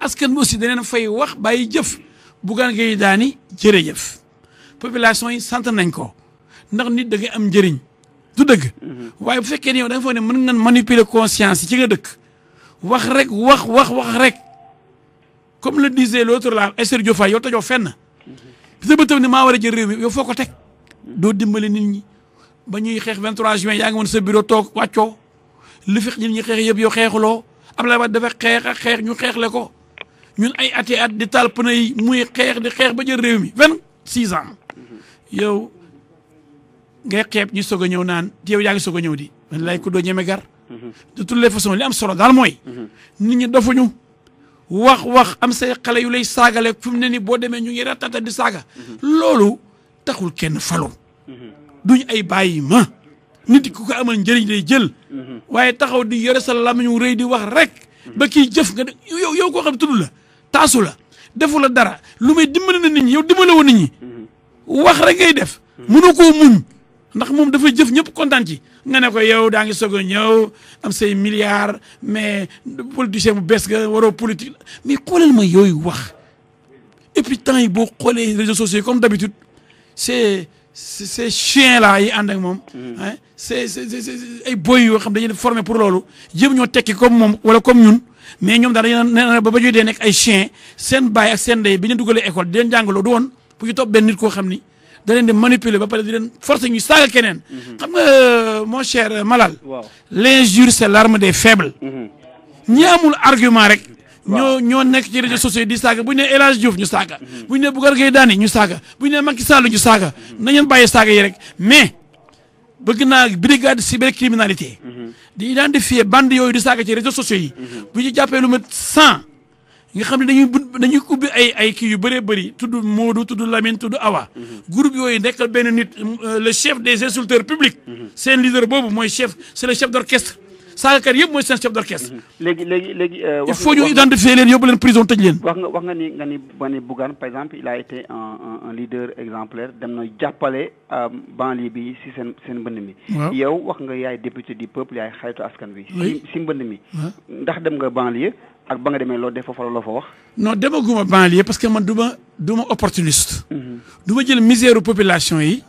askan bi aussi daneen fay wax bàyyi jëf buggaan ngay daani jërëjëf population yi sant nañ ko ndax nit dëgg am njëriñ du dëgg mm-hmm. waaye bu fekkee ne yow da nga ne mën nga manipuler conscience yi ci nga dëkk wax rek wax wax wax rek comme le disait l'autre là Esther Diouf yow tajoo fenn bisa mm-hmm. ba tam ne maa war a jël réew foo ko teg doo dimbale nit ñi ba ñuy xeex 23 juin yaa ngi woon sa bureau toog wàccoo li fi ñun ñu xeex yëpp yow xeexuloo Abdoulaye Wade dafa xeex xeex ñu xeexle ko ñun ay ati at di taal pneu muy xeex di xeex ba jël réew mi vingt six ans yow ngay xeeb ñu soog a ñëw naan yow yaa ngi soog a ñëw di man lay ku doo ñeme gar de toutes les li am solo daal mooy nit ñi dofuñu wax wax am say xale yu lay saagale fi mu ne ni boo demee ñu ngi ratata di saaga loolu taxul kenn falu duñ ay bàyyi ma nit ku ko amal njëriñ lay jël waaye taxaw di yore sa lamiñ wu di wax rek ba kii jëf nga yow yow koo xam tudd la taasu la defu la dara lu may dimbali na nit ñi yow dimbale woon nit ñi wax rek ngay def mënu koo muñ ndax moom dafa jëf ñëpp kontaan ci nga ne ko yow daa ngi soog a am sey milliards mais politicien bu bees nga waroo politique mais xoolal ma yooyu wax et puis temps yi boo xoolee réseaux sociaux comme d'habitude c'est ces chiens la yi ànd ak moom ah c'est c'est ay boy yoo xam dañuy formé pour loolu yëpp ñoo tekki comme moom wala comme ñun mais ñoom daal dañu naan ba ba ñuy dee nekk ay chien seen baay ak seen ndey bi ñee dugalee école di leen jàngaloo du woon bu ñu topp benn nit koo xam ni da leen di manipuler ba pare di leen forcer ñuy saaga keneen. Mhm. xam na euh, mon cher Malal. waaw l'injure c'est l'arme des faibles. Mhm. ñi amul argument rek. ñoo ñoo nekk ci réseaux sociaux di saaga bu ñu nee El Hadj Diouf ñu saaga. Mhm. bu ñu nee Bougar Gueye Dany ñu saaga bu ñu nee Macky Sall ñu saaga. nañu leen bàyyi saaga yi rek mais bëgg naa brigade cybercriminalité. di daan identifier bande yooyu di saaga ci réseaux sociaux yi. Mhm. bu ñu jàppee lu mat cent. nga xam ne dañuy dañuy ubbi ay ay kii yu bëree bëri tudd Modou tudd Lamine tudd Awa. Mhm. groupe yooyu nekkal benn nit euh, le chef des insulteurs publics. Mhm. seen leader boobu mooy chef c'est le chef d'orchestre saagakat yëpp mooy seen chef d'orchestre. Mhm. léegi léegi léegi. Euh, il faut ñu leen yóbbu leen prison tëj leen. wax nga wax nga ni nga ni nga ni Bougane par exemple il a été un leader exemplaire dem na jàppale euh, banlieue bi si seen seen mbënd mi. yow wax nga yaay député du peuple yaay xaritu askan wi. si mi. ndax dem nga banlieue ak ba nga demee lool def foofa loo fa wax. non demaguma banlieue parce que man du ma du ma opportuniste. Mhm. du jël misère population yi.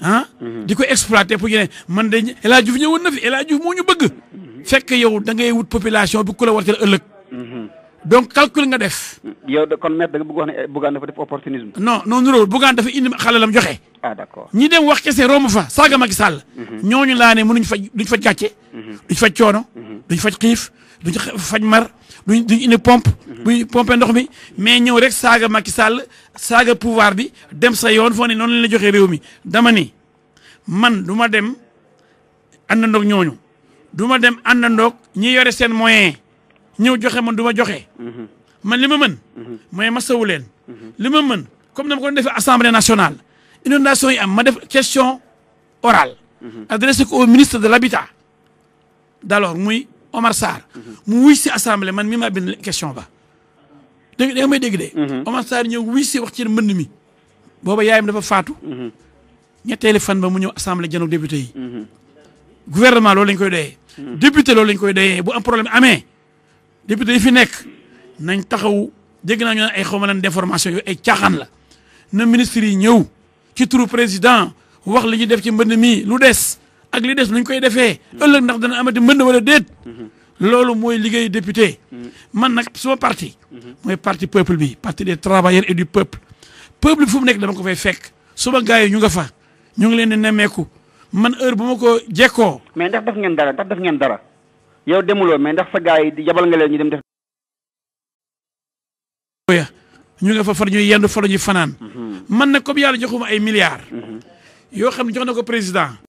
ah. Mhm. di ko exploiter pour ñu ne man de El Hadj Diouf ñëwoon na fi El Hadj moo ñu bëgg. fekk yow da ngay wut population bi ku la warteel ëllëg. Mhm. donc calcul nga def. yow de kon maître da nga bëgg wax ne Bougane dafa def opportunisme. non non non Bougane dafa indi xalalam joxe. ah d'accord ñi dem wax kese romb fa saaga Macky Sall. Mhm. ñooñu laa ne mënuñ faj duñ faj gàcce. Mhm. duñ faj coono. duñ faj xiif duñ faj mar duñ duñ indi pompe. buy pompe ndox mi mais ñëw rek saaga Macky Sall saaga pouvoir bi dem sa yoon foo ne noonu lañ la joxe réew mi dama ni man du ma dem àndandoog ñooñu. duma dem àndandoog ñi yore seen moyen ñëw joxe man du ma joxe. man li ma mën. mooy ma sawu leen. li ma mën comme dama ko defee assemblée nationale inondation yi am ma def question orale. adressé ko au ministre de l'habitat d'alors muy Omar Sarr. mu wuy si assemblée man mi maa bind question ba. dégg nga may dégg de. Omar Sarr ñëw wuy si wax ci mbënd mi. booba yaayam dafa faatu. ñetteeli fan ba mu ñëw assemblée janoog député yi. gouvernement loolu lañ koy doyee. Hmm. député loolu lañ koy doyee bu am problème amee député yi fi nekk nañ taxaw dégg naa ñu ne ay xaw ma lan déformation yooyu ay caaxaan la na ministre yi ñëw ci turu président wax li ñuy def ci mbënn mi lu des ak li des nuñ koy defee. Hmm. ëllëg ndax dana amati mbënd wala déet. Hmm. loolu mooy liggéey député. man nag suma parti. mooy parti peuple bi parti des travailleurs et du peuple. peuple bi fu mu nekk dama ko fay fekk suba gars yi ñu nga fa ñu ngi leen di nemmeeku. man heure bu ma ko jekkoo. mais ndax def ngeen dara ndax def ngeen dara yow demuloo mais ndax sa gars yi yabal nga leen ñu dem def. ñu nga fa far ñuy yendu fa la fanaan. Mhm. man nag comme yàlla joxuma ay milliards. Mhm. yoo xam ne jox na ko président.